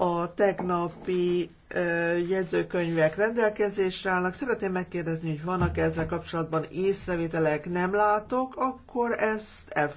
a tegnapi jegyzőkönyvek rendelkezésre állnak. Szeretném megkérdezni, hogy vannak -e ezzel kapcsolatban észrevételek, nem látok, akkor ezt elfogadom.